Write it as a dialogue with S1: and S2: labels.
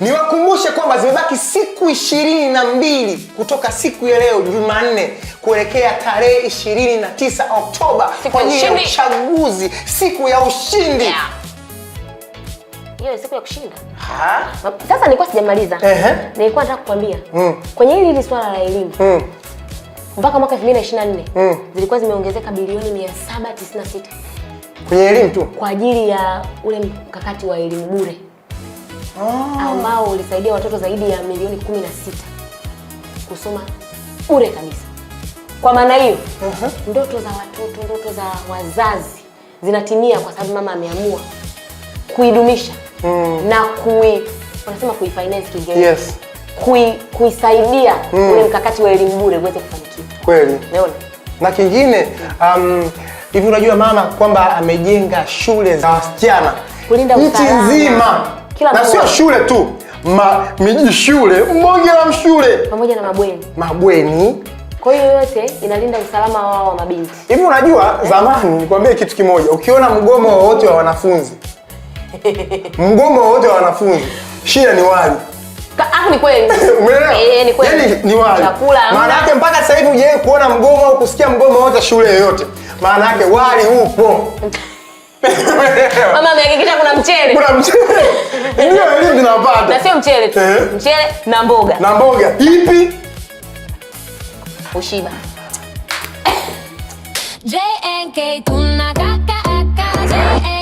S1: Niwakumbushe kwamba zimebaki siku ishirini na mbili kutoka siku ya leo Jumanne kuelekea tarehe 29 Oktoba kwa ajili ya uchaguzi, siku ya ushindi yeah.
S2: Hiyo siku ya kushinda. Ha? Sasa nilikuwa sijamaliza. Ehe. Nilikuwa nataka kukwambia. Mm. Kwenye hili hili swala la elimu. Mm. Mpaka mwaka 2024 mm. zilikuwa zimeongezeka bilioni 796 kwenye elimu tu kwa ajili ya ule mkakati wa elimu bure oh, ambao ulisaidia watoto zaidi ya milioni kumi na sita kusoma bure kabisa. Kwa maana hiyo uh -huh. ndoto za watoto, ndoto za wazazi zinatimia kwa sababu mama ameamua kuidumisha mm. na kui wanasema finance Kiingereza yes. kui kuisaidia mm. ule mkakati wa elimu bure uweze kufanikiwa kweli. Naona
S1: na kingine um, hivi unajua mama kwamba amejenga shule za wasichana nchi nzima kila na sio shule tu ma, miji shule mmoja na mshule
S2: pamoja na mabweni
S1: mabweni.
S2: Kwa hiyo yote inalinda usalama wao wa mabinti.
S1: Hivi unajua eh? zamani, nikwambie kitu kimoja, ukiona mgomo wowote wa wanafunzi mgomo wowote wa wanafunzi, shida ni wali
S2: ah, ni kweli. Eh, eh, yaani,
S1: maana yake mpaka sasa hivi hujawahi kuona mgomo au kusikia mgomo wote shule yoyote, maana yake wali upo.
S2: Mama amehakikisha mchele.
S1: Kuna mchele. Ndio elimu tunapata.
S2: Na sio mchele tu. Eh? Mchele na mboga.
S1: Na mboga. Ipi?
S2: Ushiba. JNK tunakaka aka JNK